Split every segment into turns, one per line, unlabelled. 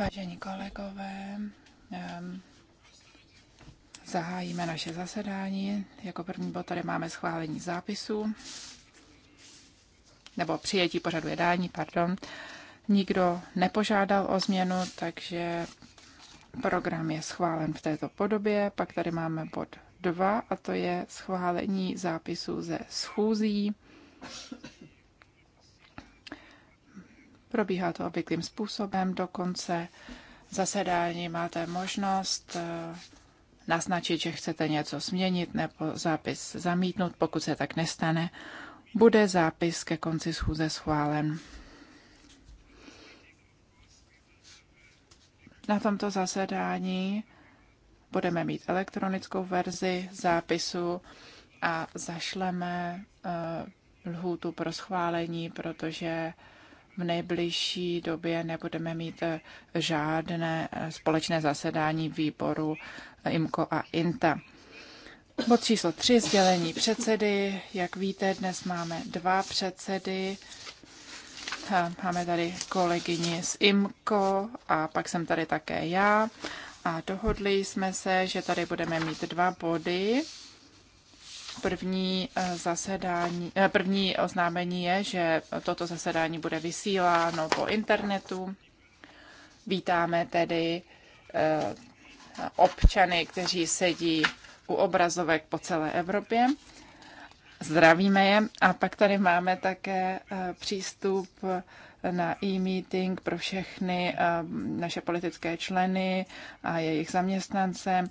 Vážení kolegové, zahájíme naše zasedání. Jako první bod tady máme schválení zápisu nebo přijetí pořadu jednání, pardon. Nikdo nepožádal o změnu, takže program je schválen v této podobě. Pak tady máme bod 2 a to je schválení zápisu ze schůzí. Probíhá to obvyklým způsobem, dokonce zasedání máte možnost eh, naznačit, že chcete něco změnit nebo zápis zamítnout. Pokud se tak nestane, bude zápis ke konci schůze schválen. Na tomto zasedání budeme mít elektronickou verzi zápisu a zašleme eh, lhůtu pro schválení, protože v nejbližší době nebudeme mít eh, žádné eh, společné zasedání výboru eh, IMCO a INTA. Bod číslo 3, sdělení předsedy. Jak víte, dnes máme dva předsedy. Máme tady kolegyni z IMCO a pak jsem tady také já. A dohodli jsme se, že tady budeme mít dva body První, eh, zasedání, eh, první oznámení je, že toto zasedání bude vysíláno po internetu. Vítáme tedy eh, občany, kteří sedí u obrazovek po celé Evropě. Zdravíme je. A pak tady máme také přístup na e-meeting pro všechny eh, naše politické členy a jejich zaměstnance,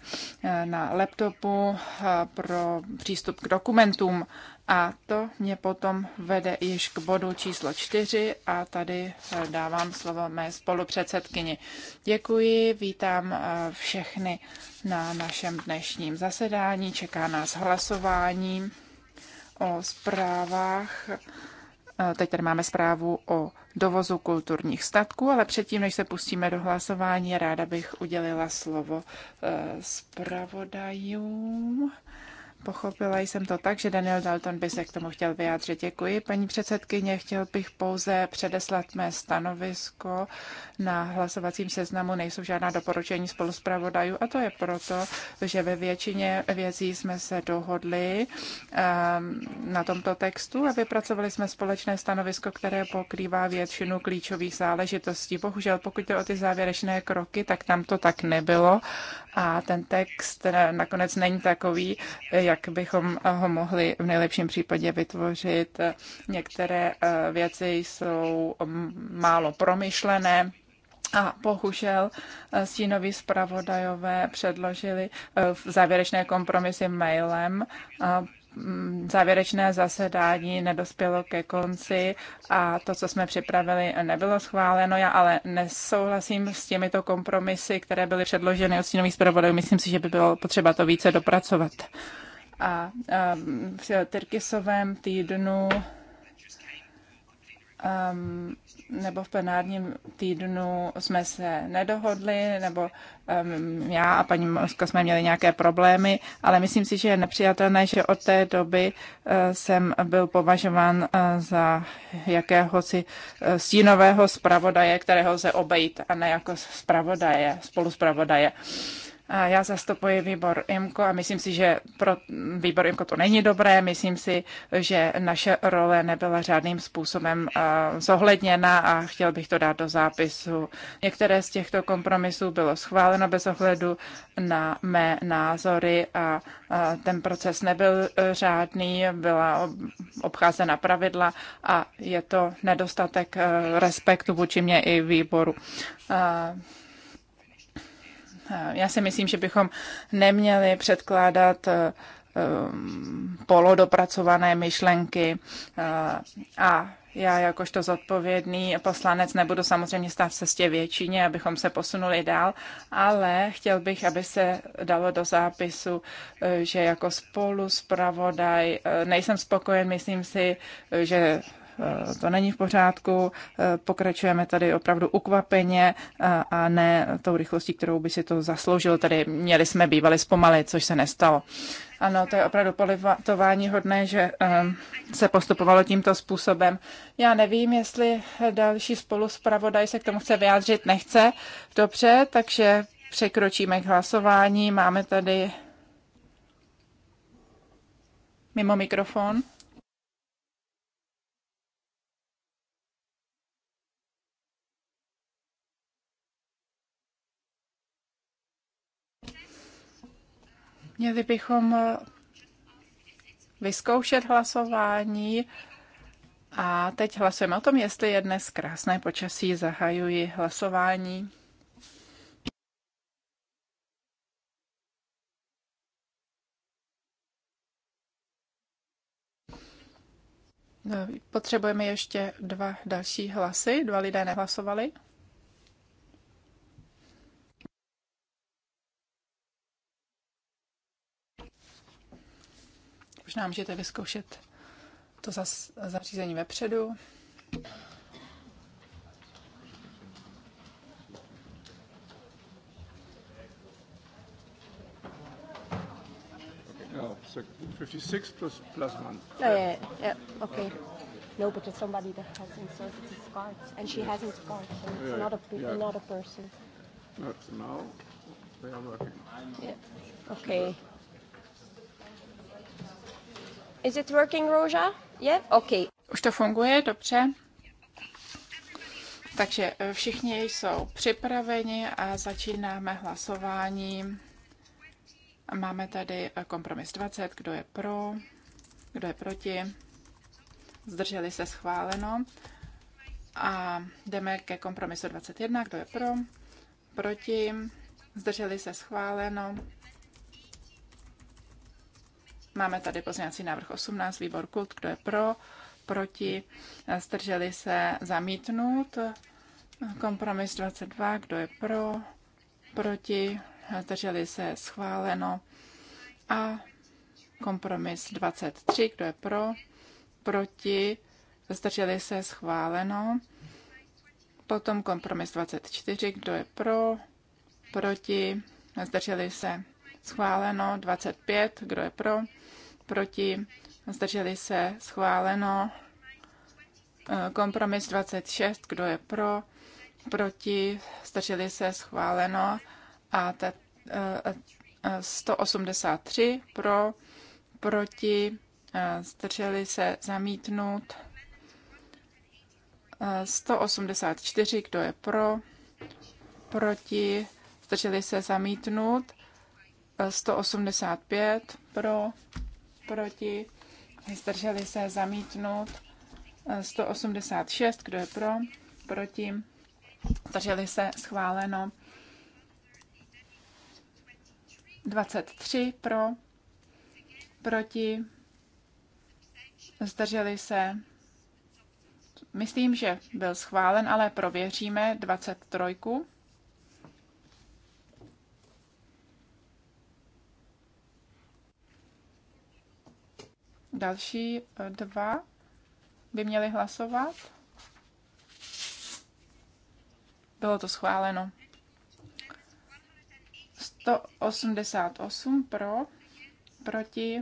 eh, na laptopu eh, pro přístup k dokumentům. A to mě potom vede již k bodu číslo čtyři a tady dávám slovo mé spolupředsedkyni. Děkuji, vítám všechny na našem dnešním zasedání. Čeká nás hlasování o zprávách Eh, teď tady máme zprávu o dovozu kulturních statků, ale předtím, než se pustíme do hlasování, ráda bych udělila slovo eh, zpravodajům. Pochopila jsem to tak, že Daniel Dalton by se k tomu chtěl vyjádřit. Děkuji, paní předsedkyně. Chtěl bych pouze předeslat mé stanovisko. Na hlasovacím seznamu nejsou žádná doporučení spoluspravodajů a to je proto, že ve většině věcí jsme se dohodli ehm, na tomto textu a vypracovali jsme společné stanovisko, které pokrývá většinu klíčových záležitostí. Bohužel, pokud jde o ty závěrečné kroky, tak tam to tak nebylo a ten text eh, nakonec není takový, jak bychom ho mohli v nejlepším případě vytvořit. Některé eh, věci jsou mm, málo promyšlené, a bohužel eh, stínoví zpravodajové předložili eh, závěrečné kompromisy mailem. Mm, závěrečné zasedání nedospělo ke konci a to, co jsme připravili, nebylo schváleno. Já ale nesouhlasím s těmito kompromisy, které byly předloženy od stínových zpravodajů. Myslím si, že by bylo potřeba to více dopracovat a v Tyrkisovém týdnu um, nebo v plenárním týdnu jsme se nedohodli, nebo um, já a paní Moska jsme měli nějaké problémy, ale myslím si, že je nepřijatelné, že od té doby uh, jsem byl považován uh, za jakéhosi uh, stínového zpravodaje, kterého se obejít, a ne jako zpravodaje, spoluzpravodaje. Uh, já zastupuji výbor IMKO a myslím si, že pro výbor IMKO to není dobré. Myslím si, že naše role nebyla žádným způsobem zohledněna a chtěl bych to dát do zápisu. Některé z těchto kompromisů bylo schváleno bez ohledu na mé názory a ten proces nebyl e, řádný, byla obcházena pravidla a je to nedostatek e, respektu vůči mě i výboru. Já si myslím, že bychom neměli předkládat eh, eh, polodopracované myšlenky eh, a já jakožto zodpovědný poslanec nebudu samozřejmě stát v cestě většině, abychom se posunuli dál, ale chtěl bych, aby se dalo do zápisu, že jako spolu zpravodaj nejsem spokojen, myslím si, že Eh, to není v pořádku, eh, pokračujeme tady opravdu ukvapeně eh, a ne tou rychlostí, kterou by si to zasloužil. Tady měli jsme bývali zpomalit, což se nestalo. Ano, to je opravdu politování hodné, že se postupovalo tímto způsobem. Já nevím, jestli další spoluspravodaj se k tomu chce vyjádřit, nechce. Dobře, takže překročíme k hlasování. Máme tady mimo mikrofon. Měli bychom eh, vyzkoušet hlasování a teď hlasujeme o tom, jestli je dnes krásné počasí. Zahajuji hlasování. No, potřebujeme ještě dva další hlasy. Dva lidé nehlasovali. Možná můžete vyzkoušet to zas, zařízení vepředu. No, so 56 plus plus one. Oh, yeah, yeah, okay. No, but it's somebody that has inserted his cards, and she hasn't cards, so it's yeah, not a yeah. not a person. Not now. They are working. Yeah. Okay. Is it working, Roja? Yeah? Okay. Už to funguje, dobře. Takže eh, všichni jsou připraveni a začínáme hlasování. Máme tady eh, kompromis 20, kdo je pro, kdo je proti. Zdrželi se schváleno. A jdeme ke kompromisu 21, kdo je pro, proti. Zdrželi se schváleno. Máme tady pozměňovací návrh 18, výbor kult, kdo je pro, proti, zdrželi se zamítnout. Kompromis 22, kdo je pro, proti, zdrželi se schváleno. A kompromis 23, kdo je pro, proti, zdrželi se schváleno. Potom kompromis 24, kdo je pro, proti, zdrželi se schváleno 25, kdo je pro, proti, zdrželi se, schváleno e, kompromis 26, kdo je pro, proti, zdrželi se, schváleno a te, 183 e, e, pro, proti, zdrželi se, zamítnout 184, kdo je pro, proti, zdrželi se zamítnout 185 pro, proti, zdrželi se zamítnout 186, kdo je pro, proti, zdrželi se schváleno 23 pro, proti, zdrželi se, myslím, že byl schválen, ale prověříme 23. Další eh, dva by měli hlasovat. Bylo to schváleno. 188 pro, proti,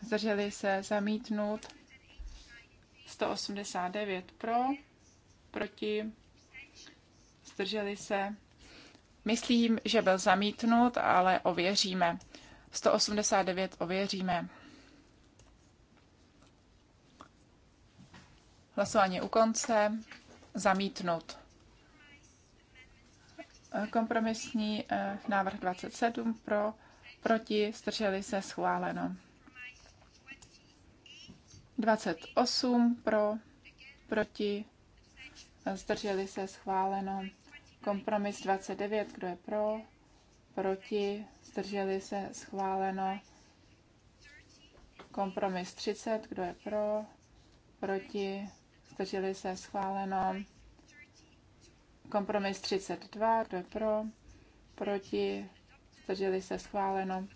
zdrželi se zamítnout. 189 pro, proti, zdrželi se. Myslím, že byl zamítnut, ale ověříme. 189 ověříme. Hlasování je u konce. Zamítnut. Kompromisní eh, návrh 27 pro, proti, strželi se, schváleno. 28 pro, proti, zdrželi se, schváleno. Kompromis 29, kdo je pro, proti, zdrželi se, schváleno. Kompromis 30, kdo je pro, proti, zdrželi se, schváleno. Kompromis 32, kdo je pro, proti, zdrželi se, schváleno.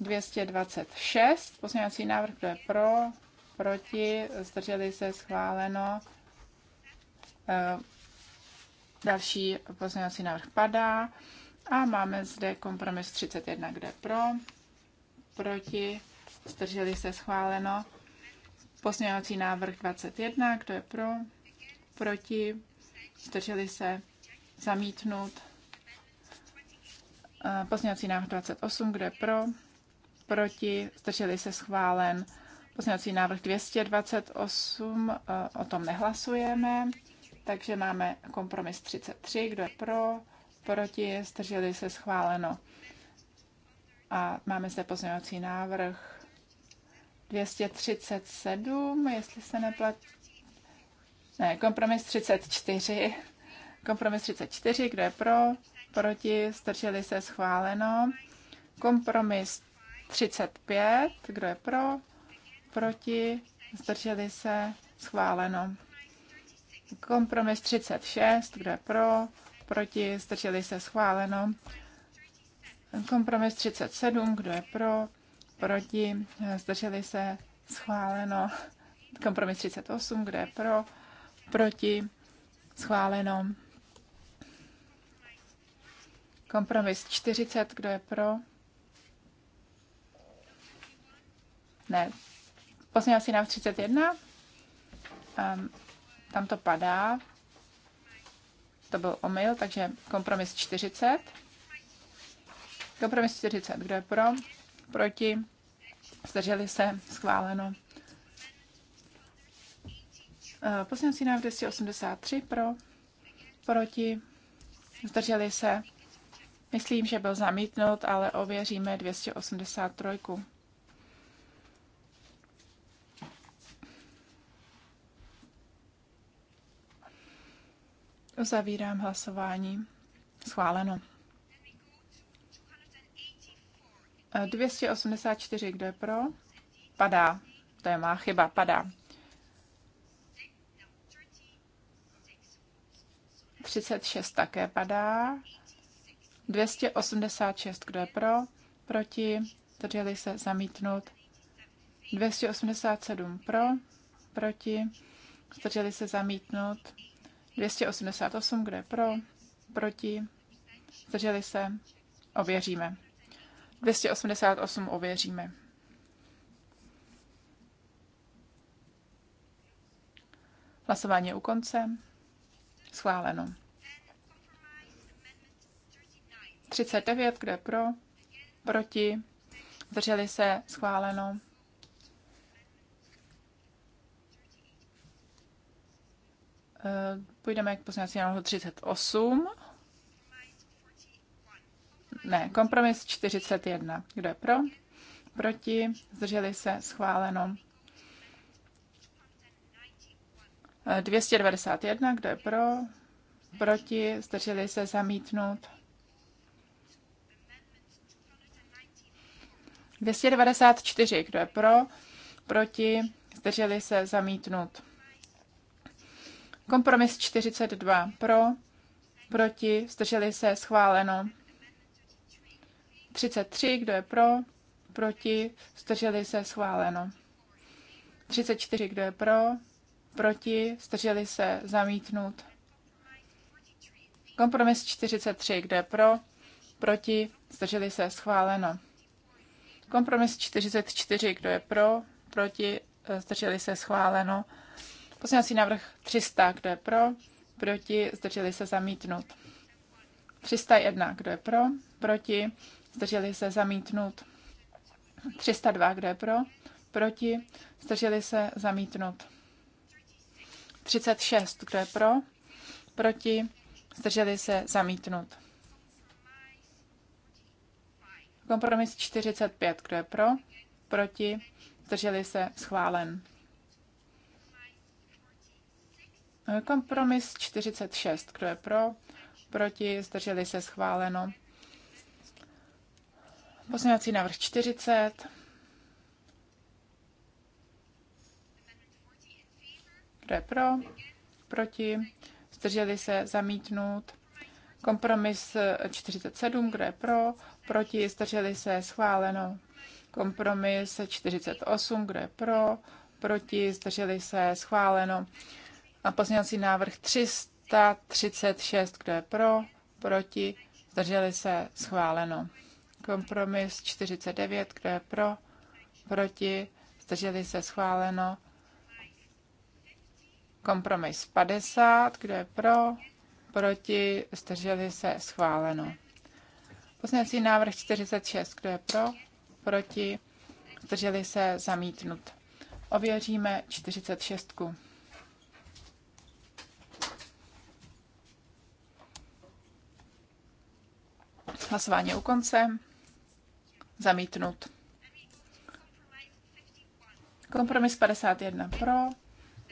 226, pozměňovací návrh, kdo je pro, proti, zdrželi se, schváleno. Eh, další pozměňovací návrh padá. A máme zde kompromis 31, kde pro, proti, zdrželi se schváleno. Pozměňovací návrh 21, kdo je pro, proti, zdrželi se, zamítnout. Eh, pozměňovací návrh 28, kdo je pro, proti, zdrželi se, schválen. Pozměňovací návrh 228, eh, o tom nehlasujeme, takže máme kompromis 33, kdo je pro, proti, zdrželi se, schváleno. A máme zde pozměňovací návrh 237, jestli se neplat... Ne, kompromis 34. Kompromis 34, kdo je pro, proti, strčili se schváleno. Kompromis 35, kdo je pro, proti, zdrželi se schváleno. Kompromis 36, kdo je pro, proti, zdrželi se schváleno. Kompromis 37, kdo je pro, proti, zdrželi se, schváleno. Kompromis 38, kde je pro, proti, schváleno. Kompromis 40, kdo je pro? Ne. asi na 31. Um, tam to padá. To byl omyl, takže kompromis 40. Kompromis 40, kdo je pro? proti, zdrželi se, schváleno. Eh, Poslanecí návrh 283 pro, proti, zdrželi se. Myslím, že byl zamítnut, ale ověříme 283. Uzavírám hlasování. Schváleno. 284, kdo je pro? Padá. To je má chyba, padá. 36 také padá. 286, kdo je pro? Proti? Drželi se zamítnout. 287 pro, proti, zdrželi se zamítnout. 288, kdo je pro, proti, zdrželi se, ověříme. 288 ověříme. Hlasování je u konce. Schváleno. 39, kde pro, proti, zdrželi se, schváleno. Eh, půjdeme k poslanci návrhu 38 ne, kompromis 41. Kdo je pro? Proti? Zdrželi se? Schváleno. 291. Eh, Kdo je pro? Proti? Zdrželi se? Zamítnout. 294. Kdo je pro? Proti? Zdrželi se? Zamítnout. Kompromis 42. Pro? Proti? Zdrželi se? Schváleno. 33, kdo je pro, proti, zdrželi se, schváleno. 34, kdo je pro, proti, zdrželi se, zamítnut. Kompromis 43, kdo je pro, proti, zdrželi se, schváleno. Kompromis 44, kdo je pro, proti, zdrželi se, schváleno. Poslední návrh 300, kdo je pro, proti, zdrželi se, zamítnut. 301, kdo je pro, proti, zdrželi se zamítnout. 302, kdo je pro, proti, zdrželi se zamítnout. 36, kdo je pro, proti, zdrželi se zamítnout. Kompromis 45, kdo je pro, proti, zdrželi se schválen. Kompromis 46, kdo je pro, proti, zdrželi se schváleno. Pozměňovací návrh 40. Kdo je pro? Proti? Zdrželi se? Zamítnout? Kompromis 47. Kdo je pro? Proti? Zdrželi se? Schváleno. Kompromis 48. Kdo je pro? Proti? Zdrželi se? Schváleno. A pozměňovací návrh 336. Kdo je pro? Proti? Zdrželi se? Schváleno. Kompromis 49, kdo je pro, proti, zdrželi se schváleno. Kompromis 50, kdo je pro, proti, zdrželi se schváleno. Poslanecí návrh 46, kdo je pro, proti, zdrželi se zamítnut. Ověříme 46. Hlasování u konce. Zamítnut. Kompromis 51 pro,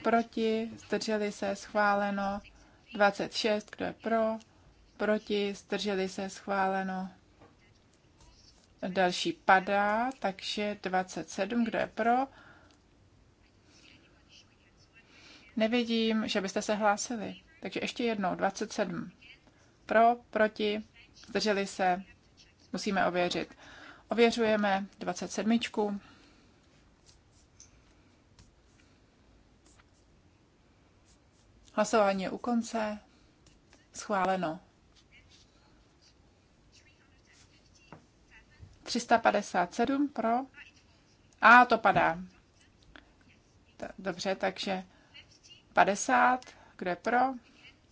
proti, zdrželi se, schváleno. 26, kdo je pro, proti, zdrželi se, schváleno. Další padá, takže 27, kdo je pro. Nevidím, že byste se hlásili. Takže ještě jednou, 27. Pro, proti, zdrželi se, musíme ověřit. Ověřujeme 27. Hlasování je u konce. Schváleno. 357 pro. A to padá. Dobře, takže 50. kde pro?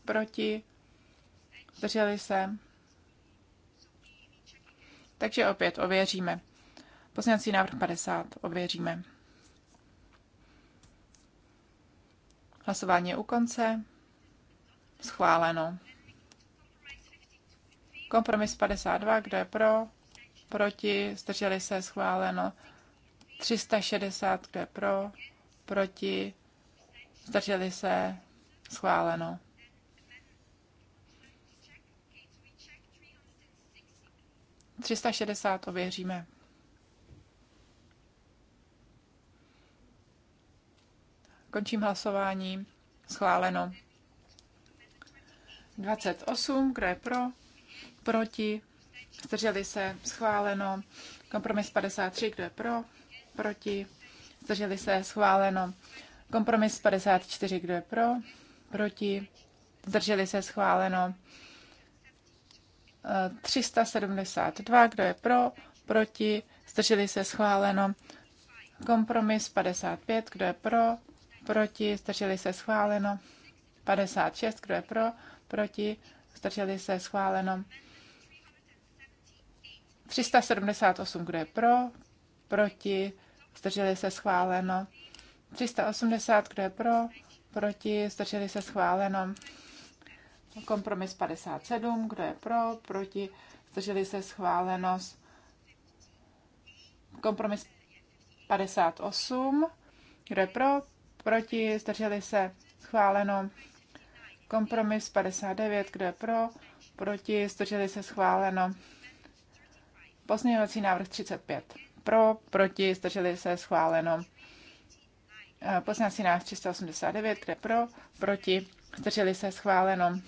Proti? Drželi se. Takže opět ověříme. Poslanecí návrh 50 ověříme. Hlasování je u konce. Schváleno. Kompromis 52, kdo je pro? Proti, zdrželi se, schváleno. 360, kdo je pro? Proti, zdrželi se, schváleno. 360 ověříme. Končím hlasování. Schváleno. 28, kdo je pro? Proti? Zdrželi se? Schváleno. Kompromis 53, kdo je pro? Proti? Zdrželi se? Schváleno. Kompromis 54, kdo je pro? Proti? Zdrželi se? Schváleno. 372, kdo je pro, proti, zdrželi se schváleno. Kompromis 55, kdo je pro, proti, zdrželi se schváleno. 56, kdo je pro, proti, zdrželi se schváleno. 378, kdo je pro, proti, zdrželi se schváleno. 380, kdo je pro, proti, zdrželi se schváleno. Kompromis 57, kdo je pro, proti, zdrželi se schváleno. Kompromis 58, kdo je pro, proti, zdrželi se schváleno. Kompromis 59, kdo je pro, proti, zdrželi se schváleno. Pozměňovací návrh 35. Pro, proti, zdrželi se schváleno. Pozměňovací návrh 389, je pro, proti, zdrželi se schváleno.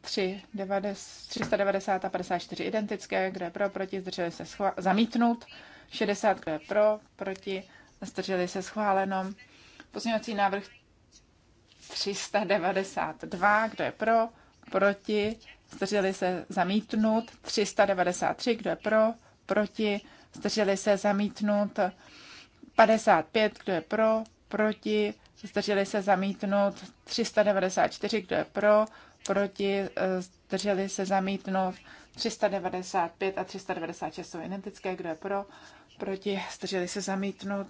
390 a 54 identické, kdo je pro, proti, zdrželi se schvál, zamítnout, 60, kdo je pro, proti, zdrželi se schváleno, pozměňovací návrh 392, kdo je pro, proti, zdrželi se zamítnout, 393, kdo je pro, proti, zdrželi se zamítnout, 55, kdo je pro, proti, zdrželi se zamítnout, 394, kdo je pro, proti, e, zdrželi se zamítnout 395 a 396 jsou identické, kdo je pro, proti, zdrželi se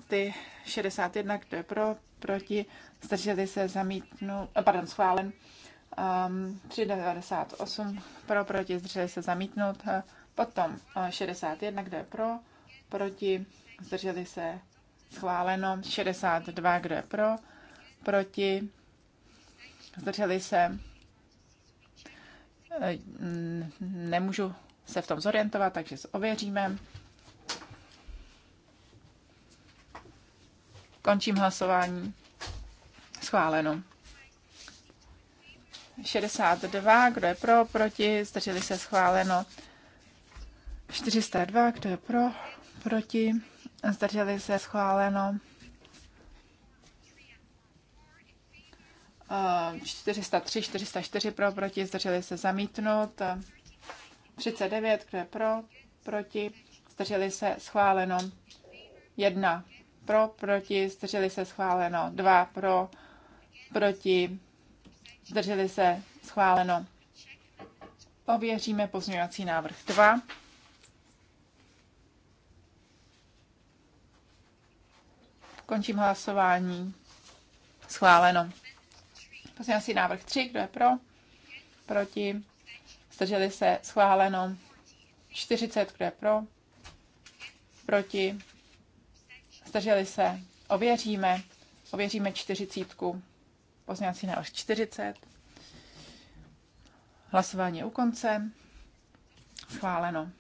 ty 61, kdo je pro, proti, zdrželi se zamítnout, e, pardon, schválen, um, ehm, 398 pro, proti, zdrželi se zamítnout, e, potom 61, kdo je pro, proti, zdrželi se schváleno, 62, kdo je pro, proti, zdrželi se Eh, nemůžu se v tom zorientovat, takže ověříme. Končím hlasování. Schváleno. 62, kdo je pro, proti, zdrželi se schváleno. 402, kdo je pro, proti, zdrželi se schváleno. 403, 404 pro, proti, zdrželi se zamítnout. 39, kdo je pro, proti, zdrželi se schváleno. 1 pro, proti, zdrželi se schváleno. 2 pro, proti, zdrželi se schváleno. Ověříme pozměňovací návrh 2. Končím hlasování. Schváleno. Pozměňovací návrh 3, kdo je pro? Proti? Zdrželi se schváleno 40, kdo je pro? Proti? Zdrželi se? Ověříme. Ověříme 40. Pozměňovací návrh 40. Hlasování u konce. Schváleno.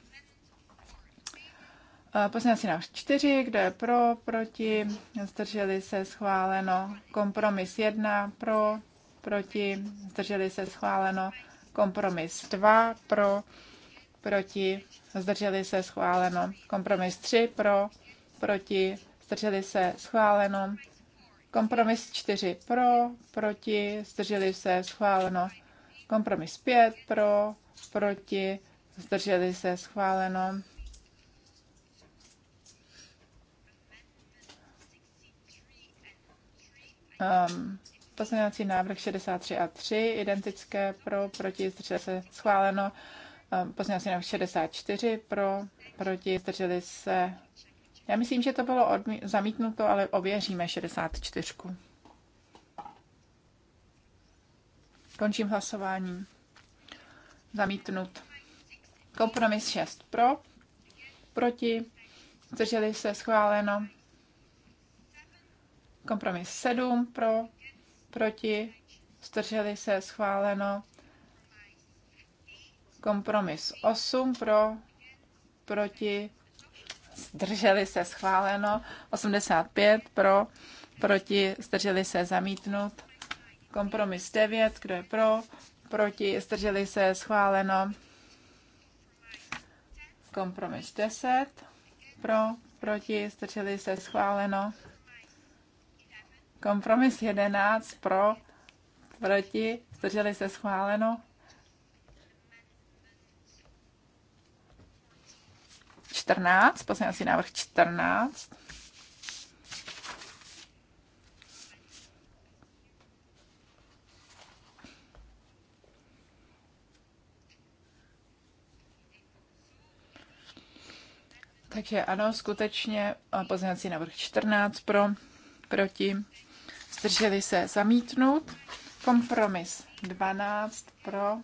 Eh, Poslanecí návrh 4, kdo je pro, proti, zdrželi se, schváleno. Kompromis 1, pro, proti, zdrželi se schváleno. Kompromis 2 pro, proti, zdrželi se schváleno. Kompromis 3 pro, proti, zdrželi se schváleno. Kompromis 4 pro, proti, zdrželi se schváleno. Kompromis 5 pro, proti, zdrželi se schváleno. Um, Pozměňovací návrh 63 a 3, identické pro, proti, zdrželi se, schváleno. Ehm, pozměňovací návrh 64 pro, proti, zdrželi se. Já myslím, že to bylo odmí- zamítnuto, ale ověříme 64. Končím hlasování. Zamítnut. Kompromis 6 pro, proti, zdrželi se, schváleno. Kompromis 7 pro, proti, zdrželi se, schváleno. Kompromis 8 pro, proti, zdrželi se, schváleno. 85 pro, proti, zdrželi se, zamítnut. Kompromis 9, kdo je pro, proti, zdrželi se, schváleno. Kompromis 10, pro, proti, zdrželi se, schváleno. Kompromis 11 pro, proti, zdrželi se schváleno. 14, poslanecí návrh 14. Takže ano, skutečně poslední návrh 14 pro, proti, zdrželi se zamítnout. Kompromis 12 eh, pro,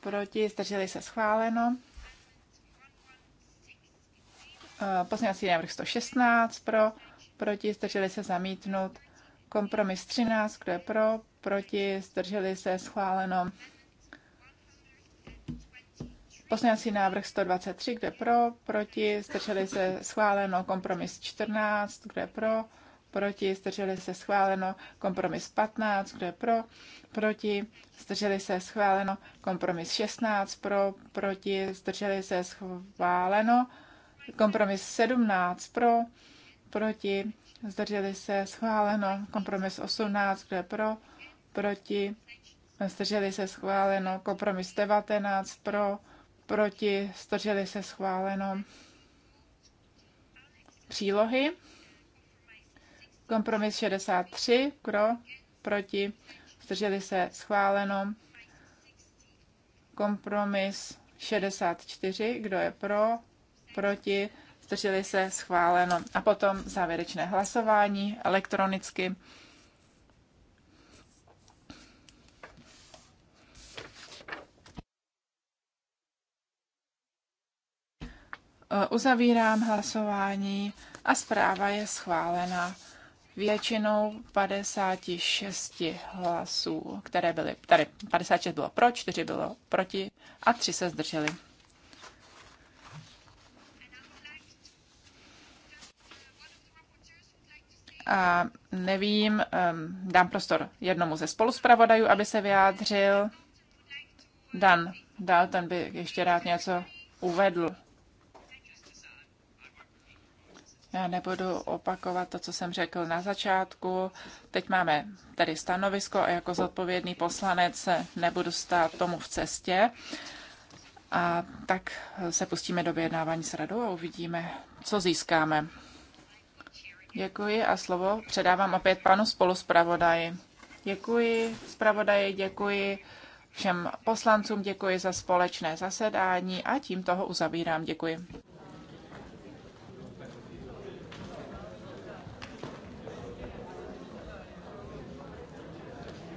proti, zdrželi se schváleno. Pozměňovací návrh 116 pro, proti, zdrželi se zamítnout. Kompromis 13, kdo je pro, proti, zdrželi se schváleno. Poslanecí návrh 123, kde pro, proti, zdrželi se schváleno kompromis 14, kde pro, proti, zdrželi se schváleno, kompromis 15, kdo je pro, proti, zdrželi se schváleno, kompromis 16, pro, proti, zdrželi se schváleno, kompromis 17, pro, proti, zdrželi se schváleno, kompromis 18, kdo je pro, proti, zdrželi se schváleno, kompromis 19, pro, proti, zdrželi se schváleno, přílohy. Kompromis 63 pro, proti, zdrželi se schváleno. Kompromis 64, kdo je pro, proti, zdrželi se schváleno. A potom závěrečné hlasování elektronicky. Uzavírám hlasování a zpráva je schválena většinou 56 hlasů, které byly, tady 56 bylo pro, 4 bylo proti a 3 se zdrželi. A nevím, dám prostor jednomu ze spoluspravodajů, aby se vyjádřil. Dan Dalton by ještě rád něco uvedl. Já nebudu opakovat to, co jsem řekl na začátku. Teď máme tady stanovisko a jako zodpovědný poslanec nebudu stát tomu v cestě. A tak se pustíme do vyjednávání s radou a uvidíme, co získáme. Děkuji a slovo předávám opět panu spoluspravodaji. Děkuji zpravodaji, děkuji všem poslancům, děkuji za společné zasedání a tím toho uzavírám. Děkuji.